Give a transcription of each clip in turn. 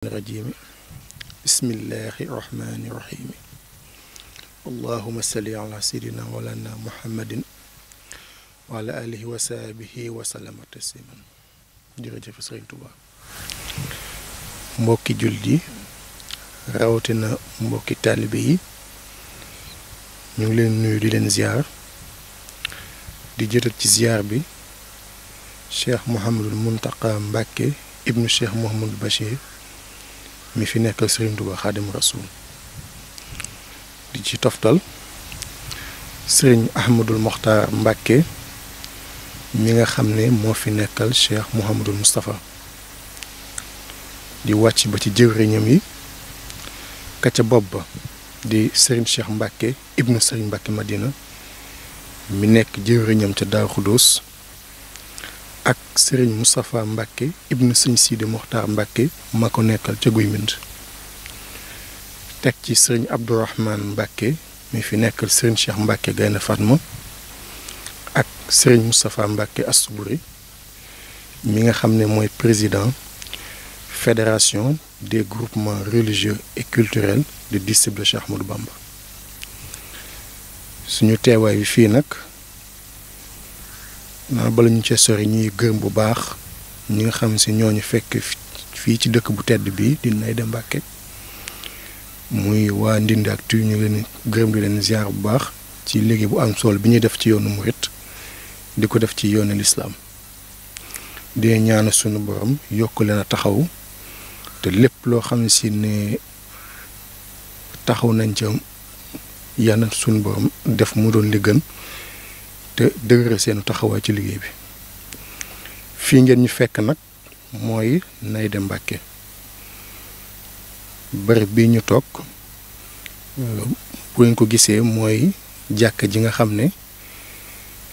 الرجيم بسم الله الرحمن الرحيم اللهم صل على سيدنا ولنا محمد وعلى اله وصحبه وسلم تسليما ديرجي في سيرن توبا موكي جولدي راوتنا موكي طالبي نيغ لين نوي دي لين زيار دي جيتال سي زيار بي شيخ محمد المنتقى مباكي ابن الشيخ محمد البشير mi fi nekkal Serigne Touba Xaadimu Rasuul di ci toftal Serigne Ahmadul Mokhtar Mbacke mi nga xam ne moo fi nekkal Cheikh Mouhamadul Moustapha di wàcc ba ci jëwriñam yi ka ca bopp ba di Serigne Cheikh Mbacke ibnu Serigne Mbacke Madina mi nekk jëwriñam ca Daaru Xudóos ak Serigne Moustapha Mbacke Ibn de Sidi Mokhtar Mbacke ma ko nekkal ca Guy Mbind ci Serigne Abdourahman Mbake... mi fi nekkal sëriñ Cheikh Mbacke Gaynde Fatma ak Serigne Moustapha Mbacke Assouboury mi nga président fédération des groupements religieux et culturels de disciples de Cheikh Moudou Bamba suñu teewaay bala ñu cee sori ñuy gërëm bu baax ñi nga xam si ñoo ñu fekk fii ci dëkk bu tedd bi di Ndéndé Mbacke muy waa ak Actu ñu leen gërëm di leen ziar bu baax ci liggéey bu am sol bi ñuy def ci yoonu murit di ko def ci yoonu lislaam di ñaan sunu borom yokk leen a taxaw te lépp loo xam si ne taxaw nañ ca yàlla sunu borom def mu doon li gën te dëgëral seenu taxawaay ci liggéey bi fii ngeen ñu fekk nag mooy dem Mbàkke bari bi ñu toog bu ngeen ko gisee mooy jàkk ji nga xam ne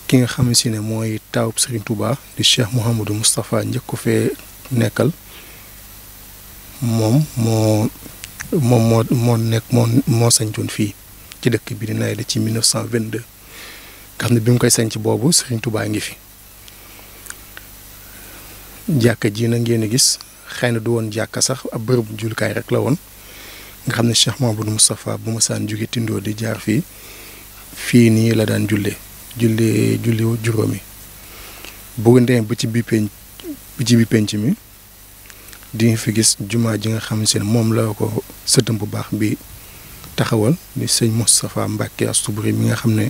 ki nga xam si ne mooy taawub Serigne Touba di Cheikh Mouhamadou Moustapha njëkk ko fee nekkal moom moo moom moo moo nekk moo moo sañcoon fii ci dëkk bi di Naydé ci 1922 xamne bimu ne bi mu koy sanc boobu Serigne Touba ngi fi jakka ji na ngeen gis xeyna du won jakka sax ab bërëbu julkaay rek la won nga xamne Cheikh Mamadou Moustapha bu ma saan jugge tindo di jaar fi fi ni la daan julle julle julle juromi bu dem bu ci bi penc ci bi mi di fi gis juma ji nga xam ne mom la ko sëtam bu bax bi taxawal ni sëñ Moustapha Mbacke astubri mi nga xamne ne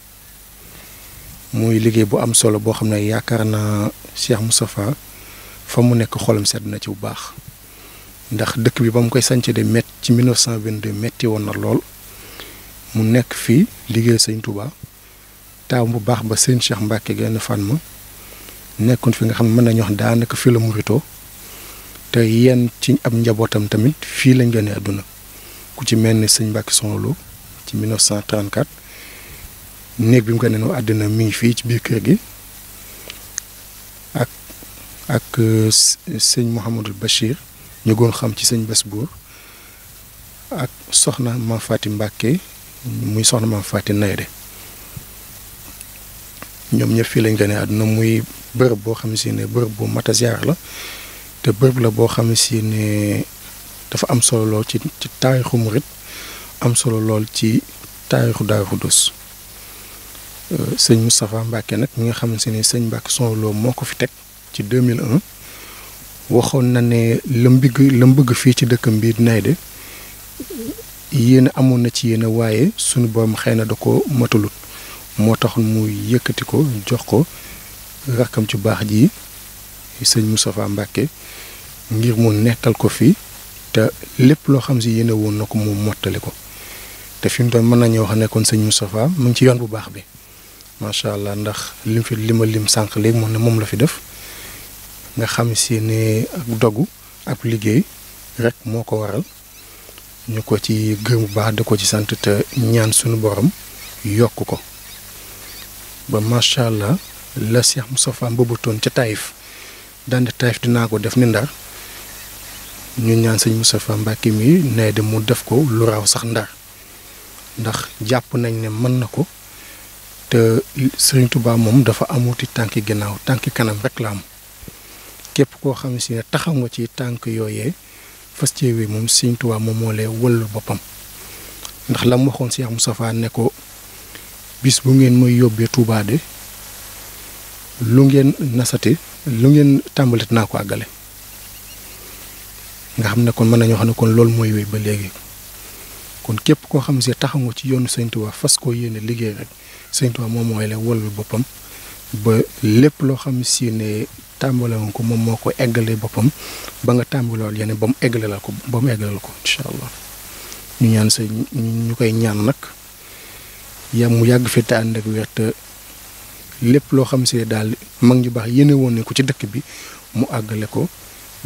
muy liggéey bu am solo boo xam ne yaakaar naa Cheikh Moustapha fa mu nekk xolam sedd na ci bu baax ndax dëkk bi ba mu koy sanc de mett ci cent vingt 1922 metti woon na lool mu nekk fii liggéey sëñ Touba taaw bu baax ba sëñ Cheikh Mbacke genn fan ma nekkoon fi nga xam ne mën nañu wax daanaka fii la muritoo te yenn ci ab njabootam tamit fii lañ gënee àdduna ku ci mel ni sëñ Mbacke Sonalou ci 1934. néeg bi mu gane noo àddina mi ngi fii ci biir kër gi ak ak euh, sëñ Mouhamadul Bachir ñu goon xam ci sëñ Bas Buur ak soxna Maam Faati Mbàkke muy soxna Maam Faati Nayde ñoom ñëpp fii lañ gane àdduna muy bërëb boo xam si ne bërëb bu mata la te bërëb la boo xam si ne dafa am solo lool ci ci taarixu murit am solo lool ci taarixu Daaru Xudoos sëñ Moustapha Mbacke nag mi nga xam ne sëñ Mbacke Sonloo moo ko fi teg ci 2001 waxoon na ne lam bëgg lam bëgg fii ci dëkkam bii nay de yéen amoon na ci yéene waaye sunu borom xëy na da ko matalut moo tax mu yëkkati ko jox ko rakkam ci baax ji sëñ Moustapha Mbacke ngir mu nekkal ko fii te lépp loo xam si yéen woon na ko mu mottali ko te fi mu doon mën nañu wax ne kon sëñ Moustapha mu ngi ci yoon bu baax bi. macha allah ndax lim fi lima lim sànq léegi moom ne moom la fi def nga xam si ne ak dogu ak liggéey rekk moo ko waral ñu ko ci gërëm bu baax da ko ci sant te ñaan suñu borom yokk ko ba macha allah la Cheikh Moustapha mbëbatoon ca Taïf daande Taïf dinaa ko def ni ndar ñu ñaan sëñ Moustapha Mbacke mi ne de mu def ko lu raw sax ndar ndax jàpp nañ ne mën na ko te Serigne Touba moom dafa amuti tànki ginnaaw tànki kanam rek la am képp koo xam ne si ne taxaw nga ci tànk yooyee fas ceewee moom Serigne Touba moom moo lay boppam ndax la mu waxoon si Moustapha ne ko bis bu ngeen mooy yóbbee Touba de lu ngeen nasate lu ngeen tàmbali ko àggale nga xam ne kon mën nañoo xam ne kon loolu mooy wéy ba léegi kon képp koo xam ne taxaw nga ci yoonu Serigne Touba fas koo yéene liggéey rek. Sëñ Tuubaa moom mooy la wolul boppam ba lépp loo xam si ne tàmbale ko moom moo ko eggalee boppam ba nga tàmbalool yeneen ba mu eggale la ko ba mu eggalal ko incha ñu ñaan sa koy ñaan nag ya mu yàgg fi te ànd ak lépp loo xam si ne daal mag ñu baax yéene woon ne ko ci dëkk bi mu àggale ko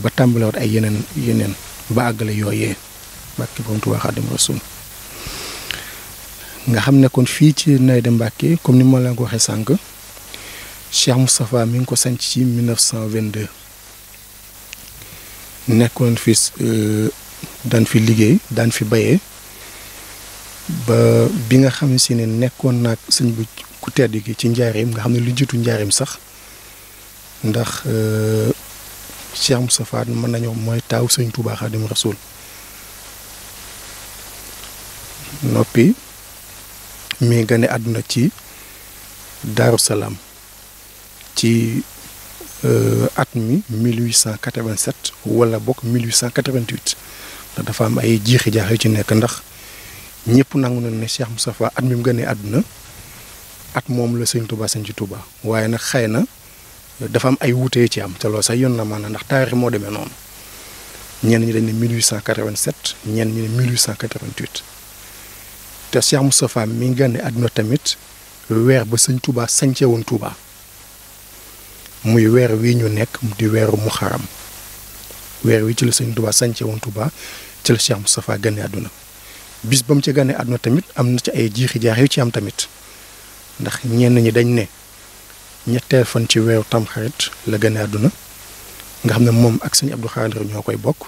ba tàmbalewaat ay yeneen yeneen ba àggale yooyee bàkki borom Tuubaa Xaadimu Rasuul nga xam ne kon fii ci Naydé Mbacke comme ni ma leen ko waxee sànq Cheikh Moustapha mi ngi ko sanc ci 1922 nekkoon fi euh, daan fi liggéey daan fi bayee ba bi nga xam si ne nekkoon nag sëñ bu ku tedd gi ci njaareem nga xam ne lu jiitu njaareem sax ndax euh, Cheikh Moustapha mën nañoo mooy taaw sëñ Touba Xaadimu Rasuul noppi. mi ngi gane àdduna ci Daaru Salaam ci euh, at mi 1887 wala bokk 1888 ndax dafa am ay jiixi jaax yu ci nekk ndax ñëpp nangu na ne Cheikh Moustapha at mi mu gane àdduna at moom la sëñ Touba sëñ ci Touba waaye nag xëy na dafa am ay wuute ci am te loolu sax yoon na maanaam ndax taarix moo demee noonu ñenn ñi dañ ne 1887 ñenn ñi ne te Cheikh Moustapha mi ngi gane àdduna tamit weer ba sëñ Touba sañce woon Touba muy weer wii ñu nekk di weeru Muharram weer wi ci la sëñ Touba sañce woon Touba ci la Cheikh Moustapha gane àdduna bis ba mu ca gane àdduna tamit am na ci ay jiixi jaax yu ci am tamit ndax ñenn ñi dañ ne ñetteel fan ci weeru tamxarit la gane àdduna nga xam ne moom ak sëñ Abdou Khadir ñoo koy bokk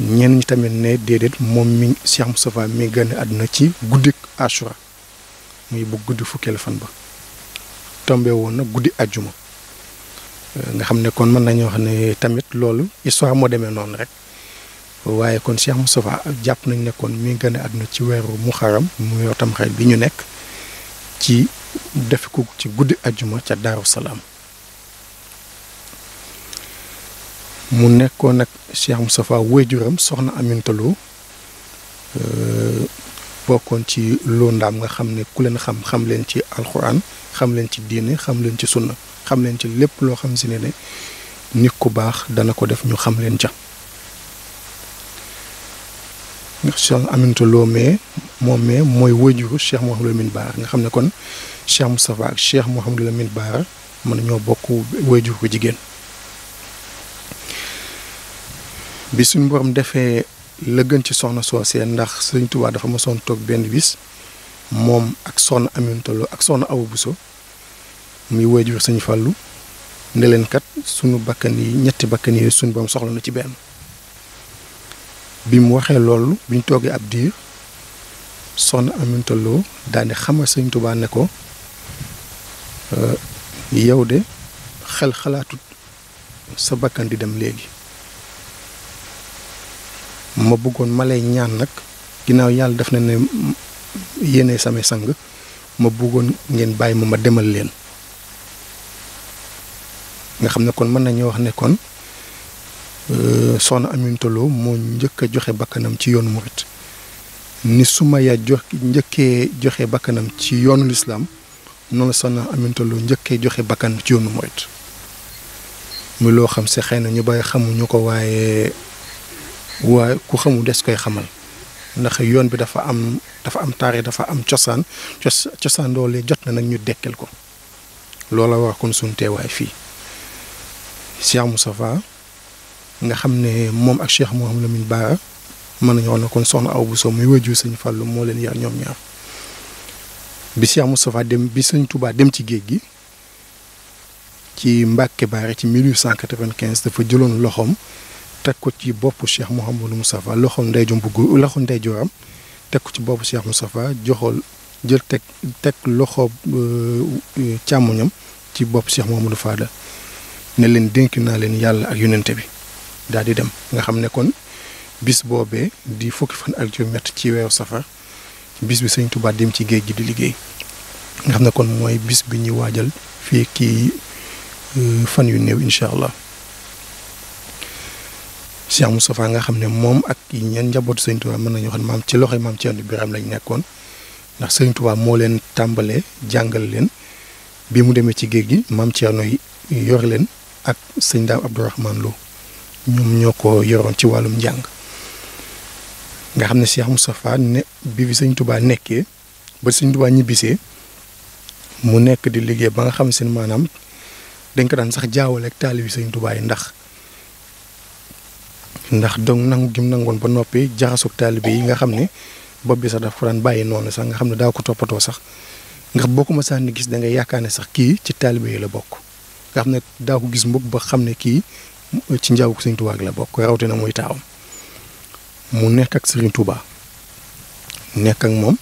ñenn ñi tamit ne déedéet moom mi Cheikh Moustapha mi gën a àdduna ci guddi Ashura muy bu guddi fukkeelu fan ba tombe woon na guddi àjjuma euh, nga xam ne kon mën nañoo wax ne tamit loolu histoire moo demee noonu rek waaye kon Cheikh Moustapha jàpp nañ nekkoon kon mi gën a àdduna ci weeru Muharram mu yor Tamxarit bi ñu nekk ci def ko ci guddi àjjuma ca Daaru Salaam. mu nekkoon ak Cheikh Moustapha wéjuram soxna Aminta Lo euh, bokkoon ci loo ndaam nga xam ne ku leen xam xam leen ci alxuraan xam leen ci diine xam leen ci sunna xam leen ci lépp loo xam si ne ne nit ku baax dana ko def ñu xam leen ca nga soxna Aminta Lo mais moom mais mooy wéjuru Cheikh Mouhamadou Lamine Bara nga xam ne kon Cheikh Moustapha ak Cheikh Mouhamadou Lamine Bara mën nañoo bokk wéjur ko jigéen bi suñu borom defee la gën ci soxna soosee ndax Sëriñ Tuubaa dafa mosoon toog benn bis moom ak soxna Aminata ak soxna Awa Buso muy waajur Sëriñ Fàllu ne leen kat sunu bakkan yi ñetti bakkan yi suñu borom soxla na ci benn bi mu waxee loolu bi ñu toogee ab diir soxna Aminata Lo daal di xamal Sëriñ Tuubaa ne ko euh, yow de xel xalaatut sa bakkan di dem léegi ma bëggoon ma ñaan nag ginnaaw yàlla def na ne yéene samay sang ma bëggoon ngeen bàyyi ma ma demal leen nga xam ne kon mën nañu wax nekkoon kon euh, soxna Aminta Lo moo njëkk a joxe bakkanam ci yoonu murit ni Sumaya jox njëkkee joxe bakkanam ci yoonu lislaam noonu soxna Aminta Lo njëkkee joxe bakkanam ci yoonu murit muy loo xam si xëy na ñu bàyyi xamuñu ko waaye waaye ku xamul des koy xamal ndax yoon bi dafa am dafa am taarix dafa am cosaan cos cosaan loolee jot na nag ñu dekkel ko loola wax kon suñ teewaay fii Cheikh Moustapha nga xam ne moom ak Cheikh Mouhamadou Lamine Bara mën nañu nañoo ne kon soxna aw bu soo muy wajju sëñ Fallou moo leen yar ñoom ñaar bi Cheikh Moustapha dem bi suñ tubaa dem ci géej gi ci Mbàkke Baare ci 1895 dafa jëloon loxoom teg ko ci boppu Cheikh Mouhamadou Moustapha loxo ndeyjo bu góor loxo ndeyjooram teg ko ci boppu Cheikh Moustapha joxool jël teg teg loxo euh, euh, càmmoñam ci boppu Cheikh Mouhamadou Fadal ne leen dénk naa leen yàlla ak yonente bi daal di dem nga xam ne kon bis boobee di fukki fan ak juróom-ñett ci weeru safar bis bi sëñ Tuubaa dem ci géej gi di liggéey nga xam ne kon mooy bis bi ñuy waajal fii kii euh, fan yu néew incha allah. cheikh moustapha nga xam ne mom ak ñeen njabootu sain tuba mën nañu wax chelo ci mam maam ni biram lañ nekkoon ndax sain tuba moo leen tàmbalee jangal leen bi mu demee ci mam gi no yor leen ak da daam abdourahman lo ñoom ñoo yoron yoroon ci jang njàng nga xam ne cheikh moustapha ne bi fi sëñ tuba nekkee ba sëñ tuba ñibbisee mu nekk di liggéey ba nga xam seen manam dañ ko daan sax jaawale ak talibi serigne touba yi ndax ndax donc nangu gim nangoon ba noppi jaxasug taalibe yi nga xam ne bopp bi sax daf ko daan bàyyi noonu sax nga xam ne daa ko toppatoo sax nga boo ko mësaan gis da ngay yaakaar ne sax kii ci taalibe yi la bokk nga xam ne daa ko gis mbokk ba xam ne kii ci njaawu Sëriñ Tuubaa la bokk na muy taawam mu nekk ak Sëriñ Tuubaa nekk ak moom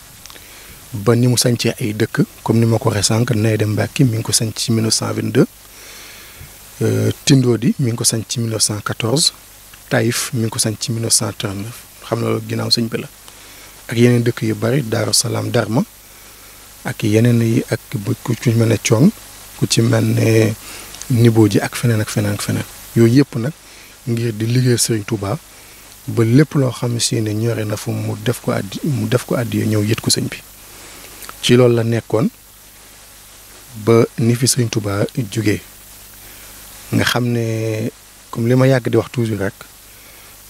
ba ni mu sañcee ay dëkk comme ni ma ko waxee sànq nay dem Mbàkke mi ngi ko sañc ci 1922 euh, Tindóo di mi ngi ko sañc ci 1914 Taïf mi ngi ko sañ ci 1939 xam na ginnaaw sëñ bi la ak yeneen dëkk yu bari Daaru Salaam Darma ak yeneen yi ak ku ci mel ne Thiong ku ci mel ne Nibo ji ak feneen ak feneen ak feneen yooyu yëpp nag ngir di liggéey sëñ Touba ba lépp loo xam si ne ñore na fu mu def ko addi mu def ko addi ñëw yët ko sëñ bi ci loolu la nekkoon ba ni fi Serigne Touba jóge nga xam ne comme li ma yàgg di wax toujours rek.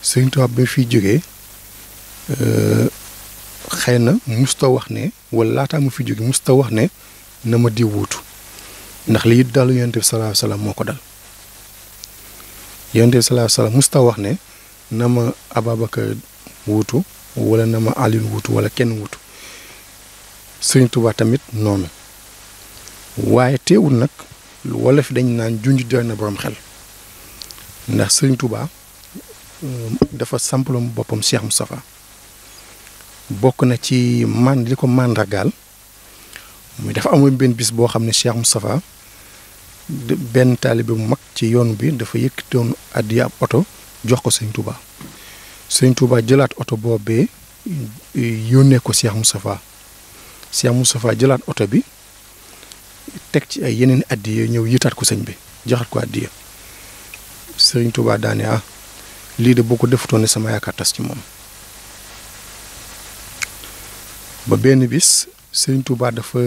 Sëriñ bi ba fiy jógee euh, xëy na musta wax ne wala laataa mu fi jóge musta wax ne na ma di wuutu ndax lii dalu yonent bi salaahu salaam moo ko dal yonent bi salaahu salaam musta wax ne na ma Ababacar wuutu wala na ma Alioune wuutu wala kenn wutu Sëriñ Tuubaa tamit noonu waaye teewul nag wala fi dañ naan junj doy na borom xel ndax Sëriñ Tuubaa Euh, dafa sampalum boppam Cheikh Moustapha bokk na ci man li ko màndargaal muy dafa amoon benn bis boo xam ne Cheikh Moustapha benn taalibe bu mag ci yoon bi dafa yëkkatoon addiya ab oto jox ko sëñ Touba sëñ Touba jëlaat oto boobee yónnee ko Cheikh Moustapha Cheikh Moustapha jëlaat oto bi teg ci ay yeneen addiya ñëw yitaat ko sëñ bi joxaat ko addiya sëñ Touba daane ah lii de boo ko defutoon ne sama yaakaar tas ci moom ba benn bis Sëriñ Tuubaa dafa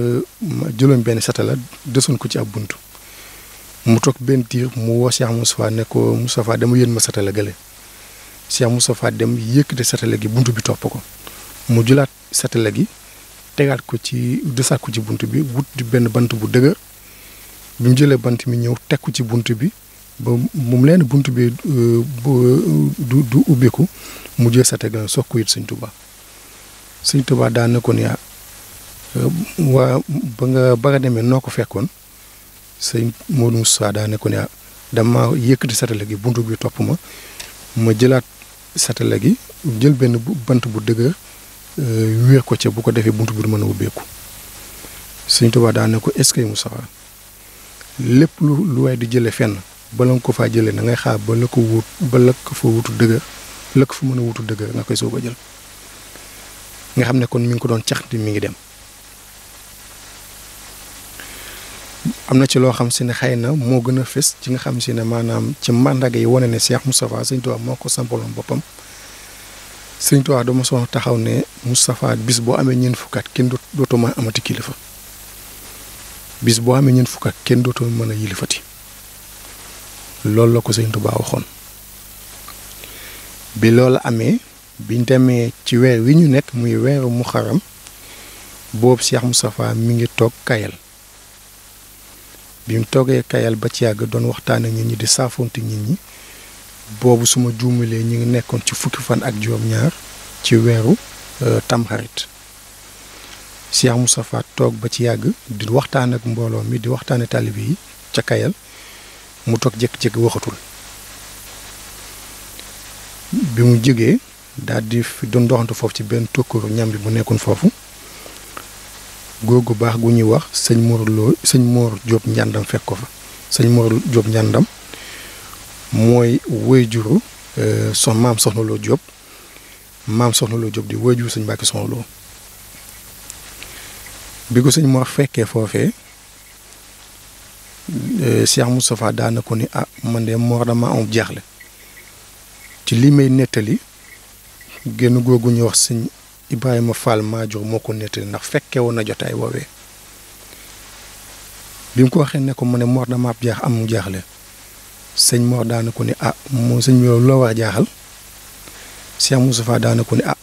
jëloon benn satala desoon ko ci ab bunt mu toog benn tiir mu woo Cheikh Moustapha ne ko Moustapha dama yéen ma satala gële Cheikh Moustapha dem yëkkate satala gi bunt bi topp ko mu jëlaat satala gi tegaat ko ci desaat ko ci bunt bi wut benn bant bu dëgër bi mu jëlee bant mi ñëw teg ko ci bunt bi ba mu leen bunt bi euh, euh, du du ubbiku mu jël sa tegal sox ko it sëñ Tuubaa sëñ Tuubaa daan ko ni euh, waa ba nga ba demee noo ko fekkoon sëñ Modou Moussa daan na ko ni ah, dama yëkkati satala gi buntu bi topp ma ma jëlaat satala gi jël benn bant bu dëgër wéer ko ca bu ko defee bunt bi du mën a ubbeeku sëñ Tuubaa daan na ko est-ce que Moussa lépp lu lu waay di jëlee fenn. bala nga ko faa jëlee da ngay xaar ba la ko wut ba lëkk ko fa wutu dëgër la ko fa mën a wutu dëgër nga koy soog a jël nga xam ne kon mi ngi ko doon caxti mu ngi dem am na ci loo xam si ne xëy na moo gën a fës ci nga xam si ne maanaam ci màndaga yi wane ne Cheikh Moustapha Sëñ Tuubaa moo ko sampaloon boppam Sëñ Tuubaa dama soon taxaw ne Moustapha bis boo amee ñeent fukkaat kenn dootuma amati kilifa bis boo amee ñeent fukkaat kenn dootuma mën a yilifati loolu la ko sëñ Tuubaa waxoon bi loolu amee biñ demee ci weer wi ñu nekk muy weeru muxaram boobu Cheikh Moustapha mi ngi toog kayal bi mu toogee kayal ba ci yàgg doon waxtaan ak nit ñi di saafonte nit ñi boobu suma juumalee ñu ngi nekkoon ci fukki fan ak juróom-ñaar ci weeru euh, tamxarit Cheikh Moustapha toog ba ci yàgg di waxtaan ak mbooloo mi di waxtaane taalibe yi ca kayal mu toog jékki-jékki waxatul bi mu jógee daal di fi doon doxantu foofu ci benn tokkooru ñam bi bu nekkoon foofu góor gu baax gu ñuy wax sëñ Mor Lo sëñ Mor Diop njàndam sëñ Mor mooy woy euh, sox maam soxna Lo Diop maam soxna loo Diop di waajuru sëñ Mbàkke soxna Lo bi ko sëñ Mor fekkee foofee Euh, Cheikh Moustapha daana ni ah man de moor dama am jaaxle ci li may nettali génn googu ñu wax sëñ Ibrahima Fall Madior moo ko nettali ndax fekke woon na jotaay woowee bi mu ko waxee ne ko mu ne moor dama am jaax am jaaxle sëñ moor daana ko ni ah moo sëñ bi loo war jaaxal ah,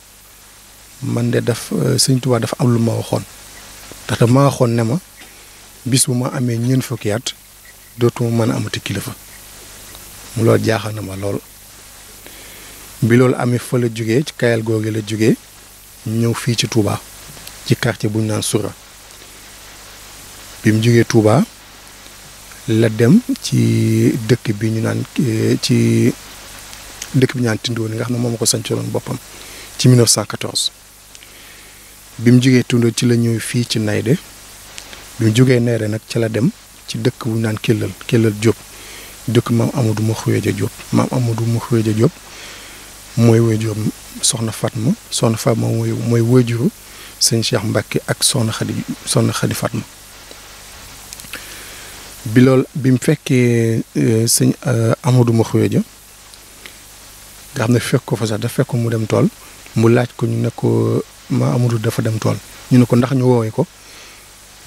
man de daf euh, sëñ Tuubaa dafa am lu ma waxoon ndax ma waxoon ne ma bis bu ma amee ñeent fukki at dootuma mën a amati kilifa mu loolu jaaxal na ma lool bi loolu amee fa la jógee ci kayal googe la jóge ñëw fii ci Touba ci karti bu ñu naan sura bi mu jógee Touba la dem ci dëkk bi ñu naan eh, ci dëkk bi ñu naan Tindóo nga xam ne moom ko sancaloon boppam ci 1914 bi mu jógee Tindóo ci la ñëw fii ci Naydé bi mu jógee neere nag ca la dem ci dëkk bu ñu naan Kellal Kellal Diop dëkk maam Amadou Mokhouédia Diop maam Amadou mooy wéjur soxna Fatma soxna Fatma mooy mooy wéjuru sëñ Cheikh Mbacke ak soxna Xadi soxna Xadi Fatma bi loolu bi mu fekkee euh, sëñ euh, Amadou Mokhouédia nga xam ne fekk ko fa sax dafa fekk mu dem tool mu laaj ko ñu ne ko ma Amadou dafa dem tool ñu ne ko ndax ñu woowee ko.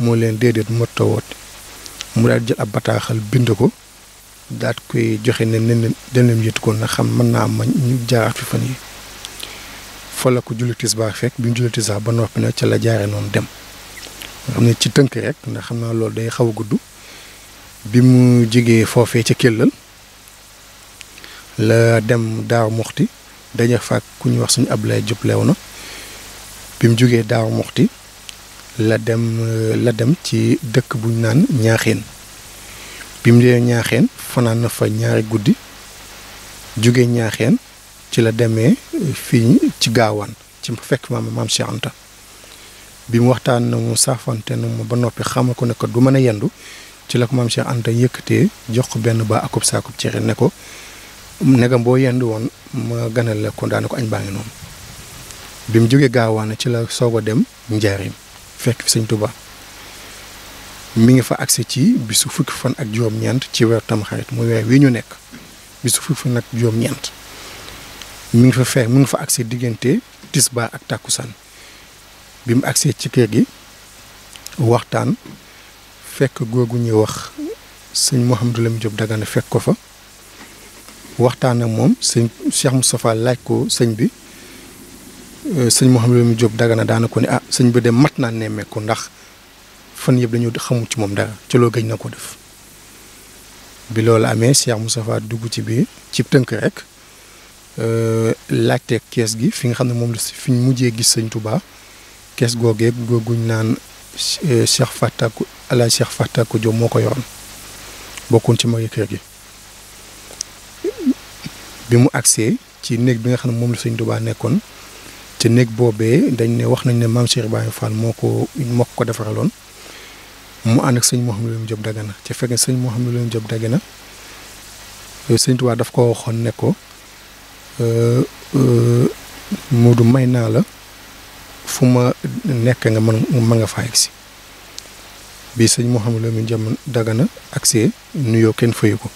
moo leen déedéet motta woote mu daal jël ab bataaxal bind ko daal koy joxe ne nen denem yëtu ko na xam mën naa ma ñu jaaraat fi fan yi fa la ko julli tisbaar fekk bi mu julli noppi nag ca la jaare noonu dem xam ne ci tënk rek xam naa loolu day xaw a gudd bi mu jigee foofee ca Kellal la dem Daaru Muxti daje fa ku ñu wax suñu Ablaye Diop lew na bi mu jógee Daaru Muxti la dem la dem ci dëkk buñ naan ñaaxeen bi mu dee ñaaxeen fanaan na fa ñaari guddi jóge ñaaxeen ci la demee fii ci gaawaan ci fekk maam maam Anta bi mu waxtaan na mu saafante na mu ba noppi xamal ko ne ko du mën a yendu ci la ko maam Cheikh Anta yëkkatee jox ko benn ba akub saakub cere ne ko negam boo yendu woon ma ganal la ko daane ko añ baa ngi noonu bi mu jógee gaawaan ci la soog a dem njaarim fekk fi sëñ Touba mi ngi fa agsi ci bisu fukki fan ak juróom-ñeent ci weer tamxarit muy weer wii ñu nekk bisu fukki fan ak juróom-ñeent mi ngi fa fekk mi ngi fa agsi diggante tisbaar ak san bi mu agsee ci kër gi waxtaan fekk googu ñuy wax moo xam sëñ Mouhamadou Lamine Diop Dagana fekk ko fa waxtaan ak moom sëñ Cheikh Moustapha laaj ko sëñ bi Euh, sëñ xam Mouhamadou Diop Dagana daana ko ne ah sëñ bi de mat naa nemmeeku ndax fan yëpp dañu xamu ci moom dara ci loo gëj na ko def bi loolu amee Cheikh Moustapha dugg ci biir cib tënk rek euh, laajte kees gi fi nga xam ne moom la fi ñu mujjee gis sëñ Touba kees googeeg googuñ naan euh, Cheikh Fatakou ala Cheikh Fatakou Diop moo ko yoroon bokkuñ ci magi kër mu agsee ci néeg bi nga xam ne moom la sëñ nekkoon ci néeg boobee dañ ne wax nañ ne maam Cheikh Ibrahima Fall moo ko moo ko defaraloon mu ànd ak sëñ Mouhamadou Lamine Diop Dagana ci fekk sëñ Mouhamadou Lamine Diop Dagana euh, sëñ Tuubaa daf ko waxoon ne ko euh, euh, Moodu may naa la fu ma nekk nga mën ma nga faa agsi bi sëñ Mouhamadou mu Diop Dagana agsee nuyoo kenn fayu ko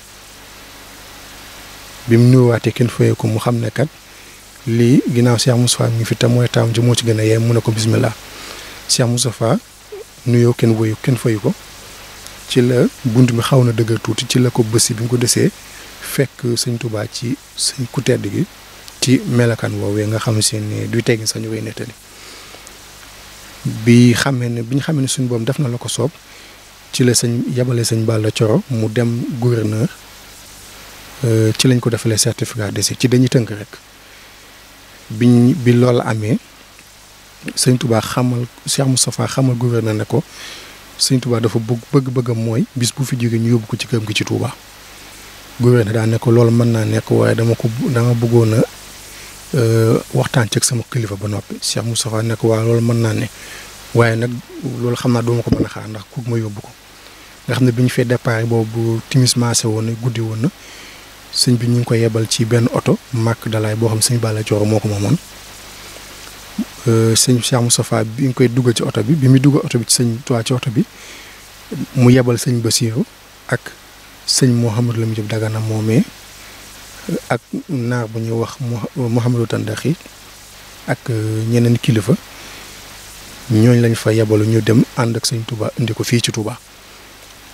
bi mu nuyuwaatee kenn fayu ko mu xam ne lii ginnaaw Cheikh Moustapha mi ngi fi te mooy taam ji moo ci gën a yee mu ne ko bismillah Cheikh Moustapha nuyoo kenn woyu kenn fayu ko ci la bunt bi xaw na dëgër tuuti ci la ko bësi bi mu ko desee fekk sëñ tubaa ci sëñ ku tedd gi ci melakaan woowee nga xam si ne duy teggin sax ñu koy nettali bi xamee ne bi ñu xamee ne suñu boom def na la ko soob ci la sëñ yabale sëñ Balla Coro mu dem gouverneur euh, ci lañ ko defalee certificat d'essai ci dañuy tënk rek biñ bi loolu amee sëñ Touba xamal Cheikh Moustapha xamal gouverneur ne ko sëñ Touba dafa bëgg bëgg-bëggam mooy bis bu fi jógee ñu yóbbu ko ci këram gi ci Touba. gouverneur daa ne ko loolu mën naa nekk waaye dama ko dama bëggoon a euh, waxtaan ci sama kilifa ba noppi Cheikh Moustapha ne ko waaye loolu mën naa ne waaye nag loolu xam naa duma ko mën a xaar ndax ku ma yóbbu ko nga xam ne bi ñu fee départ boobu timis maase woon na guddi woon na. sëñ bi ñu ngi ko yebal ci benn oto màkk dalaay boo xam sëñ Balla Cooro moo ko moomoon euh, sëñ Cheikh Moustapha bi ñu koy duggal ci oto bi bi muy duggal oto bi ci sëñ Tuubaa ci oto bi mu yebal sëñ Basiiru ak sëñ Mouhamadou Lamine Diop Dagana moomee ak naar bu ñuy wax Mouhamadou Tandaxi ak euh, ñeneen kilifa ñooñ lañ fa yebalu ñu dem ànd ak sëñ Touba indi ko fii ci Touba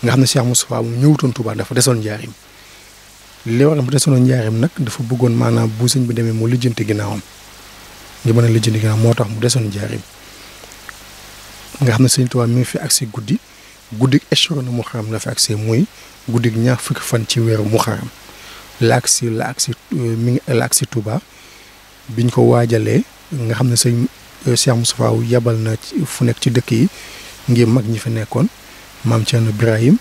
nga xam ne Cheikh mu ñëwutoon Touba dafa desoon njaarim li waral bu desoon njaareem nag dafa bëggoon maanaam bu sëñ bi demee mu lijjanti ginnaawam ngi mën a lijjanti ginnaaw moo tax mu desoon njaareem nga xam ne sëñ Tuubaa mi ngi fi agsi guddi guddik Ashura mu la fi agsi muy guddik ñaar fukki fan ci weeru mu xaram la agsi la euh, ngi biñ ko waajalee nga xam ne sëñ euh, Cheikh Moustapha yabal na fu nekk ci dëkk yi ngir mag ñi fi nekkoon maam Thierno Birahim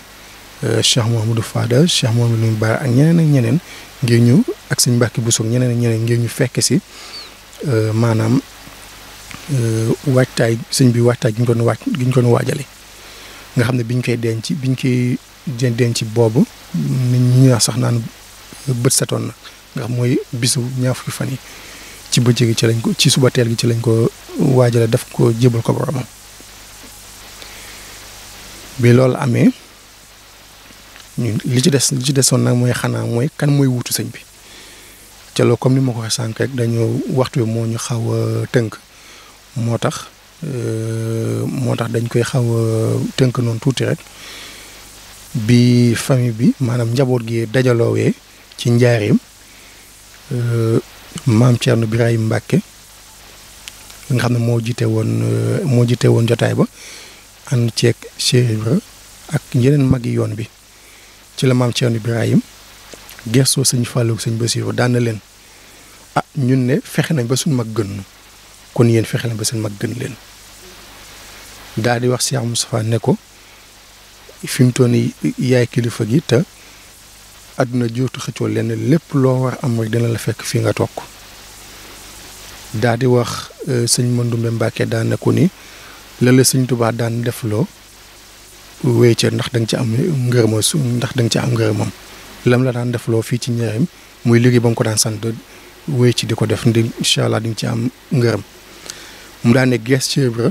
Eh, cheikh mohamadou fada cheikh mohamadou mbar ak ñeneen ak ñeneen ngir ñu ak seigne mbàkki busog ñeneen ak ñeneen ngir ñu fekk eh, manam euh wattaay seigne bi waajtaay gi ñu doon waaj gi ñu doon waajale nga xamne biñ koy denc biñ koy denc boobu ñu naa sax naan eh, beut setoon nga xam mooy bisu ñaaf fi fani ci bëccëg gi ci lañ ko ci suba tel gi ci lañ ko wajale daf ko jëbul ko borom bi lol amé ñun li ci des li ci desoon nag mooy xanaa mooy kan mooy wuutu sëñ bi ca comme ni ma ko waxee sànq rek dañoo waxtu bi moo ñu xaw a tënk moo tax euh, moo tax dañ koy xaw a tënk noonu tuuti rek bi famille bi maanaam njaboot gi dajaloowee ci njaareem euh, maam Thierno Birahim Mbacke nga xam ne moo jiite woon euh, moo jiite woon jotaay ba ànd ceeg Cheikh Ibra ak yeneen mag yi yoon bi. ci la maam Thierno Ibrahim gëstoo sëñ Fallou sëñ Bassirou daan na leen a ah, ñun ne fexe nañ ba suñ mag gën kon yéen fexe nañ ba seen mag leen daal di wax Cheikh Moustapha ne ko fi too ni yaay kilifa gi te àdduna jootu xëccoo lenn lépp loo war am rek dina la fekk fii nga toog daal di wax euh, sëñ Mandoumbe Mbacke daan na ko ni la la sëñ Touba daan loo wéy ca ndax danga nga ci am ngërëma su ndax da nga ci am ngërëmam lam la daan defloo fii ci ñaareem muy liggéey ba mu ko daan sant wéy ci di ko def ndi incha allah di nga ci am ngërëm mu daan ne gees Cheikh Ibra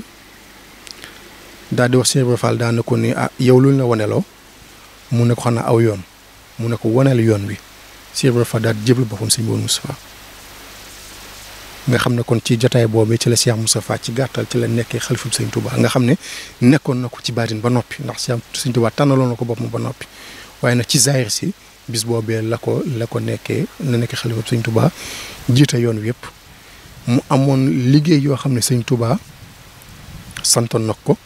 daal di wax Cheikh Ibra Fall daan na ko ni ah yow lu la waneloo mu ne ko xanaa aw yoon mu ne ko waneel yoon wi Cheikh Ibra Fall daal di jëblu boppam sëñ Moustapha nga xam ne kon ci jotaay boobu ci la Cheikh Moustapha ci gàttal ci la nekkee xalifam sëñ Touba nga xam ne nekkoon na ko ci baatin ba noppi ndax Cheikh sëñ Touba tànnaloon na ko boppam ba noppi waaye nag ci zaahir si bis boobee la ko la ko nekkee la nekkee xalifam sëñ Touba jiite yoon wi yëpp mu amoon liggéey yoo xam ne sëñ Touba santoon na ko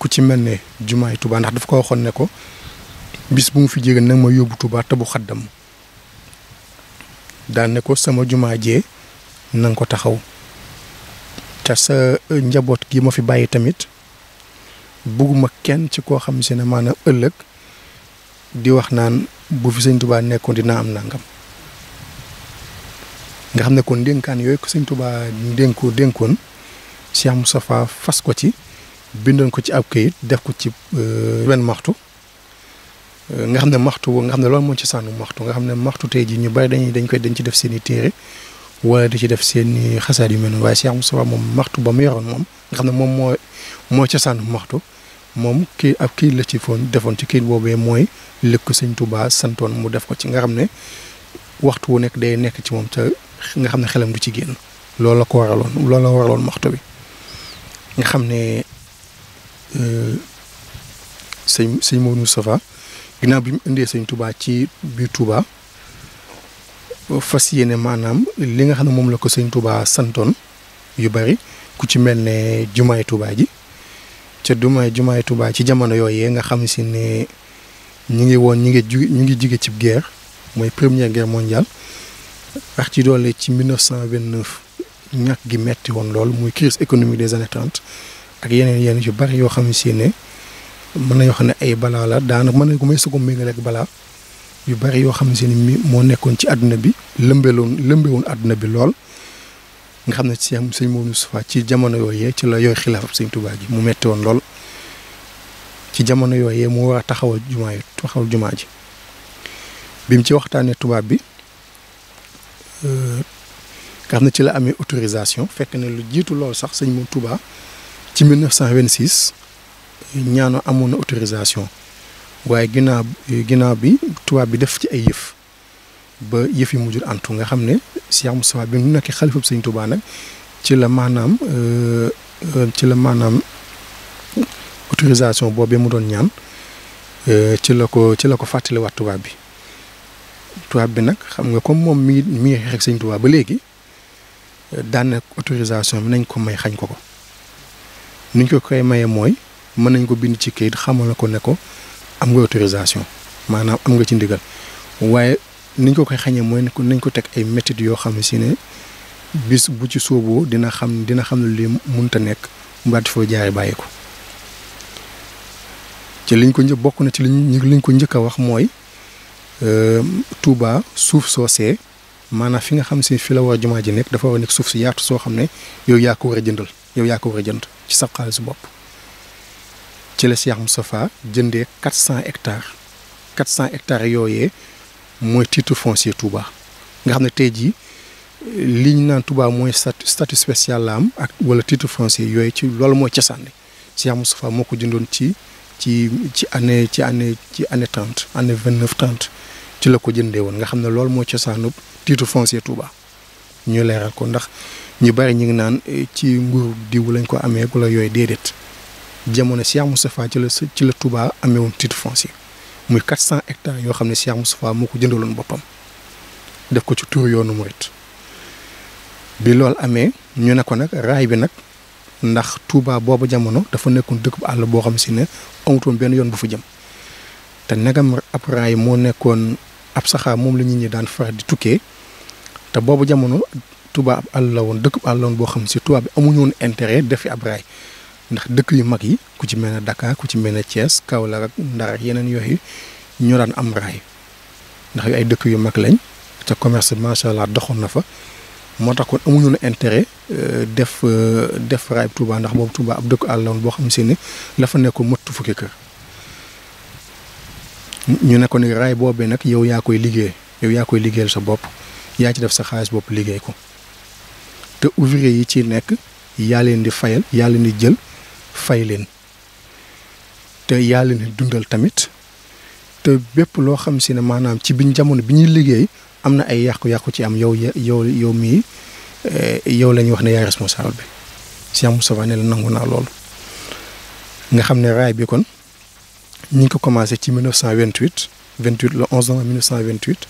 ku ci mel ne jumaa yi tubaa ndax daf ko waxoon ne ko bis bu mu fi jege nag ma yóbbu tubaa te bu xaddam daan ne ko sama jumaa jee nanga ko taxaw te sa e, njaboot gi ma fi bàyyi tamit bugguma kenn ci koo xam si ne maanaam ëllëg di wax naan bu fi sëñ tubaa nekkoon dinaa am nangam nga xam ne kon ndénkaan yooyu ko sëñ tubaa ndénkoo dénkoon Cheikh Moustapha fas ko ci bindoon ko ci ab këyit def ko ci e, wenn maxtu e, nga xam ne maxtu nga xam ne loolu moo ci sànnu maxtu nga xam ne maxtu tey ji ñu bari dañuy dañ koy dañ ci def seen i téere wala di ci def seen xasaat yu mel noonu waaye mu Moustapha moom maxtu ba mu yoroon moom nga xam ne moom moo moo cosaanu maxtu moom kii ak kii la ci foon defoon ci kii boobee mooy lëkk sëñ Touba santoon mu def ko ci nga xam ne waxtu wu nekk day nekk ci moom te nga xam ne xelam du ci génn. loolu la ko waraloon loolu la waraloon maxtu bi nga xam ne euh, sëñ sëñ Maodo Moustapha ginnaaw bi mu indee sëñ Touba ci biir Touba. fas ne maanaam li nga xam ne moom la ko sëñ Touba santoon yu bari ku ci mel ne jumaay Touba ji ca dumaay jumaay Touba ci jamono yooyu nga xam si ne ñu ngi woon ñu ngi ju ñu ngi jige ci guerre mooy première guerre mondial wax ci doole ci 1929 ñàkk gi metti woon lool muy crise économique des années 30 ak yeneen yenn yu bari yoo xam si ne mën nañoo xam ne ay balaa la daanaka mën na ko may su ko méngale ak balaa. yu bari yoo xam ne mi moo nekkoon ci àdduna bi lëmbeloon lëmbewoon àdduna bi lool nga xam ne si sëñ Maodo Moustapha ci jamono yooyee ci la yooyu xilaaf sëñ Tuubaa gi mu metti lool ci jamono yooyee mu war a taxawal jumaa yi taxawal jumaa ji bi mu ci waxtaanee tubaab bi euh, nga xam ne ci la amee autorisation fekk ne lu jiitu lool sax sëñ Maodo Tuubaa ci 1926 ñaanoo amoon na autorisation waaye ginnaaw ginnaaw bi tubaab bi def ci ay yëf ba yëf yi mujjul antu nga xam ne Cheikh Moustapha bi mu nekk xalifab sëñ Touba nag ci la maanaam euh, ci la maanaam autorisation boobee mu doon ñaan euh, ci la ko ci la ko fàttaliwaat tubaab bi tubaab bi nag xam nga comme moom mii mi ngi xeex ak ba léegi daan na autorisation bi nañ ko may xañ ko ko nuñ ko koy mayee mooy mën nañ ko bind ci kayit xamal ko ne ko am nga autorisation maanaam am nga ci ndigal waaye niñ ko koy xañee mooy nañ ko teg ay méthodes yoo xam ne si ne bis bu ci sóoboo dina xam dina xam ne lii mënta nekk mbaat foo jaare bàyyi ko ci liñ ko njëkk bokk na ci liñ liñ ko njëkk a wax mooy euh, Touba suuf soo soosee maanaam fi nga xam si fi la war jumaa ji nekk dafa war a nekk suuf si yaatu soo xam ne yow yaa ko war a jëndal yow yaa war a jënd ci sa xaalis bopp ci la Cheikh Moustapha jëndee quatre cent ectares quatre cent hectares yooyee mooy titre foncier Touba nga xam ne tey jii li naan tubaa mooy statut statut spécial am ak wala titre foncier yooyu ci loolu mooy cosaan li Cheikh Moustapha moo ko jëndoon ci ci ci année ci année ci année trente année vingt neuf trente ci la ko jëndee woon nga xam ne loolu mooy cosaanub titre foncier Touba ñu leeral ko ndax ñu bari ñu ngi naan eh, ci nguur diw lañ ko amee wala yooyu déedéet. jamono Cheikh Moustapha ci la ci la Touba amee woon titre foncier muy 400 hectares yoo xam ne Cheikh Moustapha moo ko jëndaloon boppam def ko ci tur yoonu Mouride bi loolu amee ñu ne ko nag raay bi nag ndax Touba boobu jamono dafa nekkoon dëkk bu àll boo xam si ne amutoon benn yoon bu fa jëm te nagam ab raay moo nekkoon ab saxaar moom la nit ñi daan faral di tukkee te boobu jamono Touba ab àll la woon dëkk bu àll la woon boo xam si tubaa bi amuñu woon intérêt def fi ndax dëkk yu mag yi ku ci mel ne Dakar ku ci mel ne cees Kaolack ak Ndar ak yeneen yooyu ñoo daan am raay ndax yu ay dëkk yu mag lañ te commerce bi macha allah doxoon na fa moo tax kon amuñu intérêt euh, def euh, def raay Touba ndax boobu Touba ab dëkk àll boo xam si ne la fa nekk mëttu fukki kër ñu ne ko ni raay boobee nag yow yaa koy liggéey yow yaa koy liggéeyal sa bopp yaa ci def sa xaalis bopp liggéey ko te ouvrier yi ci nekk yaa leen di fayal yaa leen di jël. fay leen te yaa leen dundal tamit te bépp loo xam si ne maanaam ci biñ jamono bi ñuy liggéey am na ay yàqu-yàqu ci am yow yow yow mii eh, yow la ñuy wax ne yaay responsable bi Cheikh Moustapha ne la nangu naa loolu nga xam ne raay bi kon ñu ngi ko commencé ci la 1928 28 le 11 juin 1928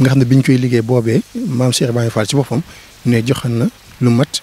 nga xam ne bi ñu koy liggéey boobee maam Cheikh Ibrahima Fall ci boppam ne joxoon na lu mat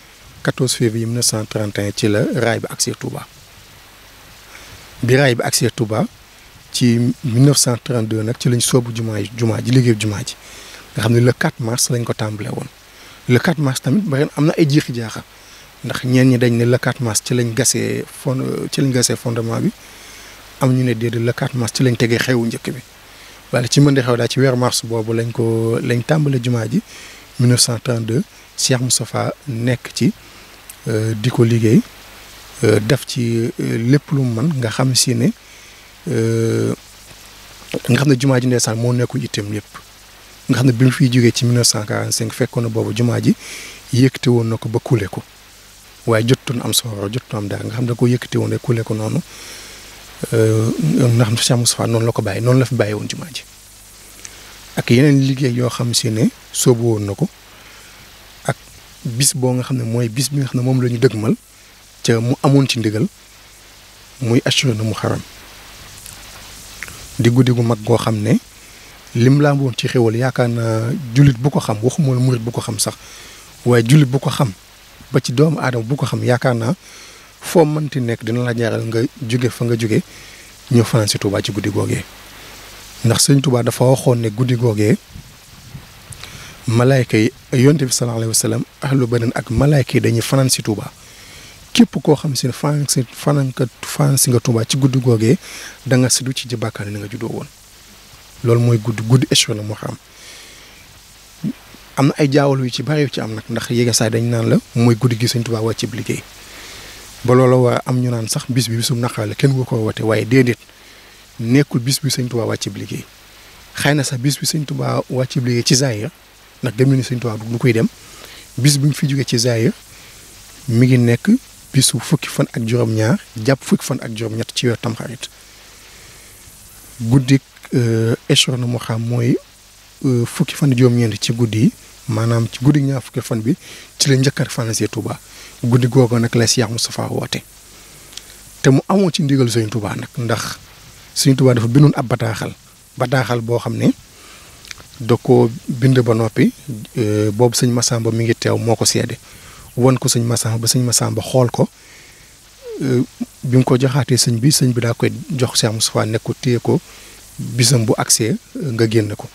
14 février 1931 ci la raay bi agsee Touba bi raay bi agsee Touba ci 1932 nag ci lañ soobu jumaa jumaa ji liggéeyu jumaa ji nga xam ne le 4 mars lañ ko tàmbalee woon le 4 mars tamit ba ren am na ay jiixi jaaxa ndax ñeen ñi dañ ne le 4 mars ci lañ gasee fond ci lañ fondement bi am ñu ne déedéet le 4 mars ci lañ tegee xewu njëkk bi wala ci mën di xew daal ci weer mars boobu lañ ko lañ tàmbalee jumaa ji 1932 Cheikh Moustapha nekk ci euh, di ko liggéey euh, def ci euh, lépp lu mu mën nga xam si ne nga xam ne jumaa ji ndeysaan moo nekkul itam yépp nga xam ne bi mu fiy jógee ci 1945 fekkoon na boobu jumaa ji yëkkate woon na ko ba ko waaye jotoon am solo jotoon am nga xam ne ko yëkkate woon rek kuule ko noonu nga xam ne Cheikh Moustapha noonu la ko bàyyi noonu la fi bàyyi woon jumaa ji ak yeneen liggéey yoo xam si ne sóobu woon na ko ak bis boo nga xam ne mooy bis bi nga xam ne moom lañuy ñu dëgmal ca mu amoon ci ndigal muy assuré na mu xaram di guddi gu mag goo xam ne lim làmboon ci xewal yaakaar naa jullit bu ko xam waxuma murit bu ko xam sax waaye jullit bu ko xam ba ci doomu aadama bu ko xam yaakaar naa foo mënti nekk dina la jaaral nga jóge fa nga jóge ñëw fanaan si ci guddi googee ndax sëñ Tuubaa dafa waxoon ne guddi googee malaayka yi yonte bi sallallahu alayhi wa sallam ahlu badan ak malaayka yi dañuy fanaan si Tuubaa képp koo xam si ne fanaan si fanaan si nga Tuubaa ci guddi googee danga nga si du ci ji bàkkaar nga juddoo woon loolu mooy guddi guddi échec la moo xam am na ay jaawal yu ci bari yu ci am nag ndax yéega saay dañ naan la mooy guddi gi sëñ Tuubaa wàcc ci liggéey ba loolu waa am ñu naan sax bis bi bisum naqar la kenn nga ko woote waaye déedéet nekkul bis bi sëñ Tuubaa wàccib liggéey xëy na sax bis bi sëñ Tuubaa wàccib liggéey ci zaahir ndax gëm na ni sëñ Tuubaa du koy dem bis bi mu fi jógee ci zaahir mi ngi nekk bisu fukki fan ak juróom jàpp fukki fan ak juróom-ñett ci weer tamxarit guddik euh, échelon moo xam mooy euh, fukki fan juróom ci guddi yi maanaam ci guddi ñaar fukki fan bi ci la njëkkaat fan si Touba guddi googu nag la Cheikh Moustapha woote te mu amoon ci ndigal sëñ Touba nag ndax. Sëriñ Tuubaa bi bindoon ab bataaxal bataaxal boo xam ne da ko bind ba noppi e, boobu sëñ Massamba mi ngi teew moo ko seede wan ko sëñ Massamba ba sëñ Massamba xool ko e, bi mu ko joxaatee sëñ bi sëñ bi daa koy jox Cheikh Moustapha nekk ko téye ko bisam bu agsee nga génn ko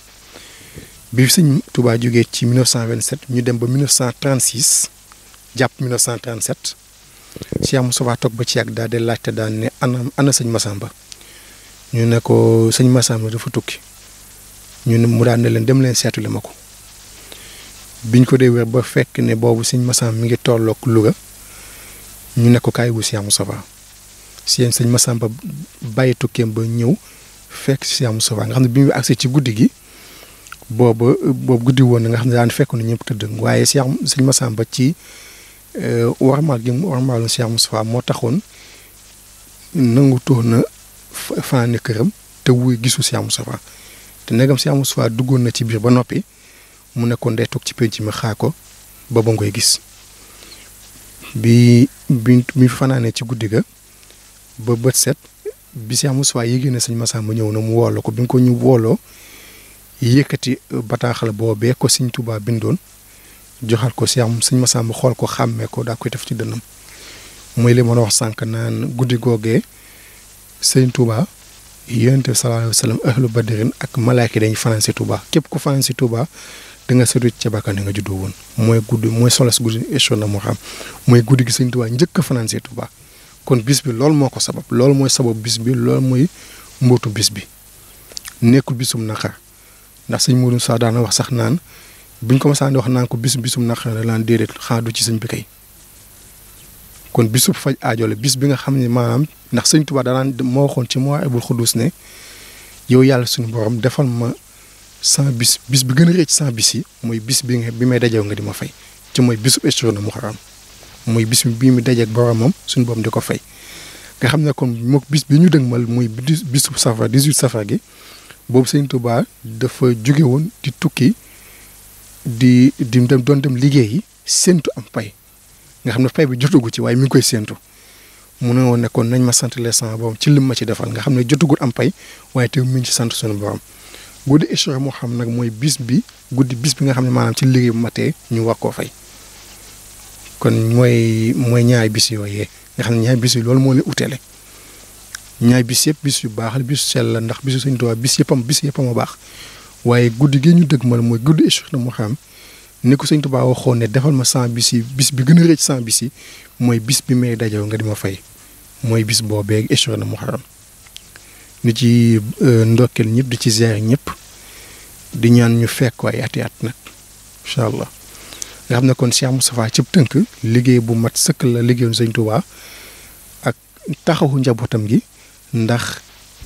bi sëñ Tuubaa jógee ci 1927 ñu dem ba 1936 jàpp 1937 Cheikh Moustapha toog ba ci yàgg daal di laajte daan ne ana ana sëñ ba ñu ne ko sëñ Massamba dafa tukki ñu ne mu daan ne leen dem leen seetule ma ko biñ ko dee wér ba fekk ne boobu sëñ Massamba mi ngi tollook Louga ñu ne ko kaay wu Cheikh Moustapha seen sëñ Massamba bàyyi tukkeem ba ñëw fekk Cheikh Moustapha nga xam ne bi mu agsi ci guddi gi booba boobu guddi woon na nga xam ne daan fekk na ñëpp tëdd waaye Cheikh sëñ ba ci euh, warmaal gi mu warmaaloon Cheikh Moustapha moo taxoon nangu tuux na faane këram te wuy gisu Cheikh Moustapha te negam Cheikh Moustapha duggoon na ci biir ba noppi mu nekkoon dee toog ci penc mi xaa ko ba ba ngoy gis bi bi mi fanaanee ci guddi ga ba bët set bi Cheikh Moustapha yéegee na sëñ Massamba ñëw na mu wooloo ko bi nga ko ñu wooloo yëkkati bataaxal boobee ko sëñ Tuubaa bindoon joxal ko Cheikh sëñ bu xool ko xàmmee ko daa koy def ci dënnam mooy li ma wax sànq naan guddi googee sëriñ Touba yonent bi sallallahu alayhi wa sallam ahlu badrin ak malaaka dañ fanaan si Touba képp ko fanaan si Touba da nga setu ca bakkan nga juddoo woon mooy guddi mooy solos guddi émission na moo xam mooy guddi gi sëriñ Touba njëkk a fanaan si Touba kon bis bi loolu moo ko sabab loolu mooy sabab bis bi loolu mooy mbootu bis bi nekkul bisum naqar ndax sëñ Mourou Moussa daana wax sax naan buñ ko mosaan di wax naan ko bis bisum naqar la laan déedéet xaadu ci sëñ bi kon bisub faj aajo bis bi nga xam ne maanaam ndax sëñ Tuubaa danaan moo waxoon ci Mawaahibul Xuddus ne yow yàlla suñu borom defal ma cent bis bis bi gën a rëcc cent bis yi mooy bis bi nga bi may dajew nga di ma fay ci mooy bisub Ashura Muharram mooy bis bi mu dajeeg boromam suñu borom di ko fay. nga xam ne kon moo bis bi ñu dëgmal muy bisu safar 18 safar gi boobu sëñ Tuubaa dafa jóge woon di tukki di di dem doon dem liggéeyi séntu am pay nga xam ne fay bi jotagu ci waaye mi ngi koy séentu mu ne woon nekkoon nañ ma sant les sant borom ci lim ma ci defal nga xam ne jotagul am pay waaye te mi ngi ci sant suñu borom guddi échec moo xam nag mooy bis bi guddi bis bi nga xam ne maanaam ci liggéey matee ñu wax koo fay kon mooy mooy ñaay bis yooyee nga xam ne ñaay bis yi loolu moo leen uteele ñaay bis yëpp bis yu baaxal bis sell la ndax bisu Sëñ Tuubaa bis yëpp am bis yëpp am baax waaye guddi gi ñu la mooy guddi échec moo xam. ni ko sëñ Tuubaa waxoon ne defal ma cent bis yi bis bi gën a rëcc cent bis yi mooy bis bi may dajaw nga di ma fay mooy bis boobee échec na Muharram ni ci euh, ndokkeel ñëpp di ci ziar ñëpp di ñaan ñu fekk ko ay ati nag incha allah nga xam ne kon Cheikh Moustapha cib tënk liggéey bu mat sëkk la liggéeyoon sëñ Tuubaa ak taxawu njabootam gi ndax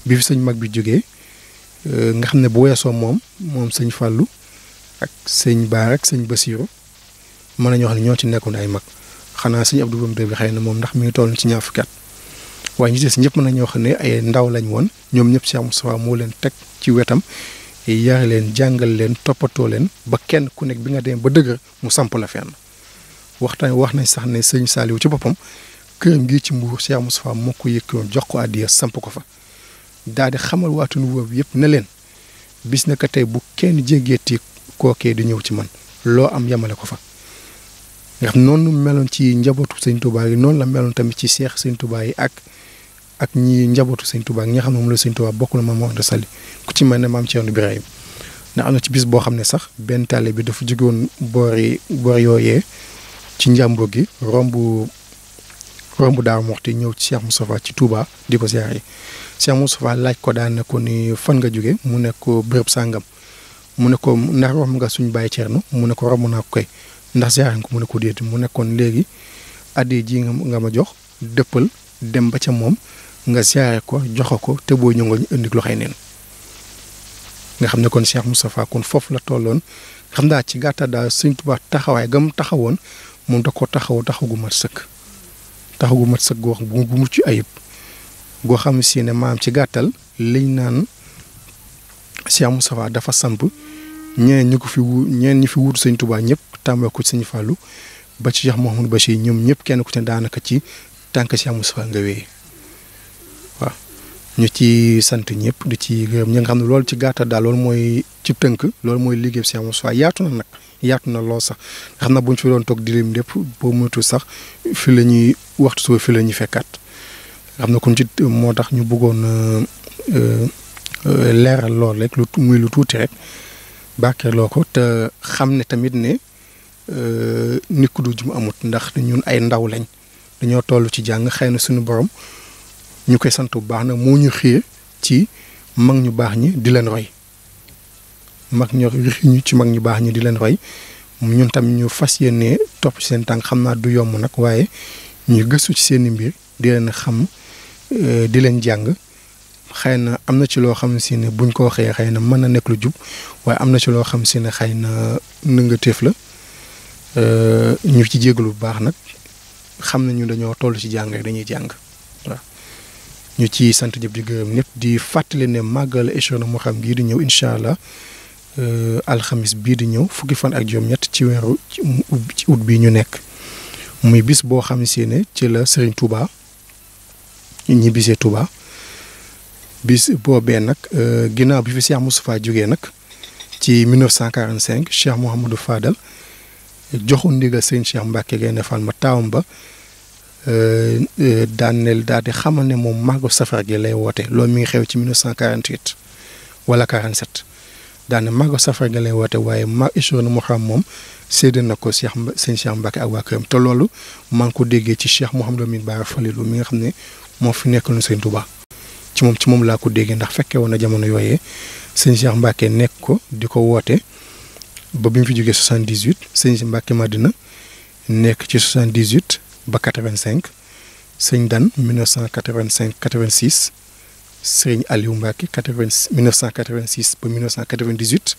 bi fi sëñ mag bi jógee euh, nga xam ne bu weesoo moom moom sëñ Fàllu ak sëñ Baar sëñ Basiiru mën nañu wax ne ñoo ci nekkoon ay mag xanaa sëñ Abdou Bam bi xëy na moom ndax mi ngi toll ci ñaar fukki waaye ñu des ñëpp mën nañoo xam ne ay ndaw lañ woon ñoom ñëpp Cheikh Moustapha moo leen teg ci wetam yar leen jàngal leen toppatoo leen ba kenn ku nekk bi nga demee ba dëgër mu samp la fenn waxtaan wax nañ sax ne sëñ Saliou ci boppam këram gii ci mbuur Cheikh Moustapha moo ko yëkkoon jox ko àddiya samp ko fa daal di xamal waatunu woowu yépp ne leen bis na ko tey bu kenn jéggeeti kookee di ñëw ci man loo am yemale ko fa ndax noonu meloon ci njabootu sëñ Touba yi noonu la meloon tamit ci seex sëñ Touba yi ak ak ñi njabootu sëñ Touba ñi nga xam ne moom la bokk na ma wax de sali ku ci mel ne maam Thierno Birahim ndax am na ci bis boo xam ne sax benn taale bi dafa jóge woon boori ci njàmbur gi romb romb daa moxti ñëw ci Cheikh Moustapha ci Touba di ko siyaare Cheikh laaj ko daan ne ko fan nga jóge mu nekk bërëb sàngam mu ne ko ndax romb nga suñu bàyyi Thierno mu ne ko romb naa ko ndax ziar nga ko mu ne ko déet mu nekkoon léegi addi ji nga ma jox dëppal dem ba ca moom nga ziare ko joxe ko te boo ñëw nga ñu indi neen nga xam ne kon Cheikh Moustapha kon foofu la tolloon xam daa ci gàttal daal Sëñ Tuubaa taxawaay gam mu taxawoon moom da ko taxaw taxaw gu mat sëkk taxaw gu mat sëkk goo xam bu mucc ayib goo xam si ne maam ci gàttal liñ naan Cheikh Moustapha dafa samp ñeneen ñu ko fi wu ñeneen ñi fi wuutu sëñ Touba ñëpp tàmbale ba ci sëñ Fallou ba ci Cheikh Mouhamadou ñoom ñëpp kenn ku ci daanaka ci tànk si Moustapha nga wéyee waaw ñu ci sant ñëpp di ci gërëm ñi nga xam ne loolu ci gàttal daal loolu mooy ci tënk loolu mooy liggéey Cheikh Moustapha yaatu nag yaatu na lool sax nga xam ne bu ñu fi doon toog di lim lépp boo moytu sax fi la ñuy waxtu suba fi la ñuy fekkaat xam na kon ci moo tax ñu bëggoon euh, euh, leeral lool rek lu muy lu tuuti rek. bàkkeeloo ko te xam ne tamit ne euh, nit ku du ju amut ndax ñun ay ndaw lañ dañoo toll ci jàng xëy na suñu borom ñu koy sant bu baax nag moo ñu xëyee ci mag ñu baax ñi di leen roy mag ci mag ñu baax ñi di leen roy ñun tamit ñu fas yéene topp ci seen tànk xam naa du yomb nag waaye ñu gëstu ci seen i mbir di leen xam euh, di leen jàng xëy na am na ci loo xam si ne buñ ko waxee xëy na mën na nekk lu jub waaye am na ci loo xam si ne xëy na nga téef la euh, ñu ci jégalu bu baax nag xam nañu dañoo toll ci jàng rek dañuy jàng waaw ñu ci sant ñëpp di gërëm ñëpp di fàttali ne màggal Échoueur moo xam gii di ñëw incha allah euh, alxamis bii di ñëw fukki fan ak juróom-ñett ci weeru ci ut bii ñu nekk muy bis boo xam si ne ci la Serigne Touba ñibbisee Touba. bis boobee nag euh, ginnaaw bi fi Cheikh Moustapha jógee nag ci 1945 Cheikh Mouhamadou Fadal joxu ndigal sëñ Cheikh Mbacke Gaynde Fatma taawam ba euh, euh, daane daal di xamal ne moom mago safar gi lay woote loolu mi ngi xew ci 1948 wala 47 daane màggu safar gi lay woote waaye ma ichor mu moom séddee na ko Cheikh sëñ Cheikh Mbacke ak waa te loolu maa ngi déggee ci Cheikh Mouhamadou Min Bara mi nga xam ne moo fi nekk lu sëñ Touba. ci moom ci moom laa ko déggee ndax fekke woon na jamono yooyee sëñ Cheikh Mbacke nekk ko di ko woote ba bi mu fi jógee 78 sëñ si Mbacke Madina nekk ci 78 ba 85 sëñ Dan 1985 86 sëriñ Aliou Mbacke 80 1986 ba 1998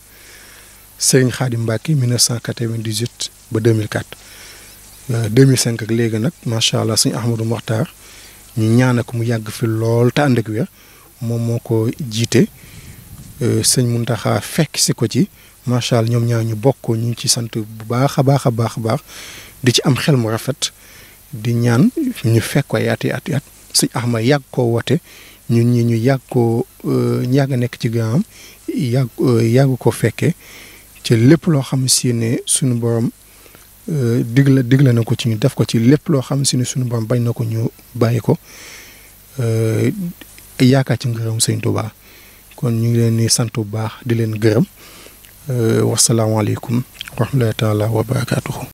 sëriñ Khadim Mbacke 1998 ba 2004 2005 euh, ak léegi nag macha allah sëñ Ahmadou Mokhtar. ñu ñaana ko mu yàgg fi lool te ànd ak moom moo ko jiite euh, sëñ Muntaxa fekk si ko ci macha ñoom ñaar ñu bokk ñu ci sant bu baax a baax a baax a baax di ci am xel mu rafet di ñaan ñu fekk ko yaat yaat yaat sëñ Ahmad yàgg koo woote ñun ñi ñu yàgg koo euh, yàgg nekk ci ganam yàgg euh, yàgg ko fekkee ci lépp loo xam si ne suñu borom. Euh, digle digle na ko ci ñu def ko ci lépp loo xam si ni suñu borom bañ na ko ñu bàyyi ko euh, yaakaar ci ngërëm sëñ Tuubaa kon ñu ngi leen di sant bu baax di leen gërëm euh, wasalaamaaleykum wa rahmatullaahi taala wa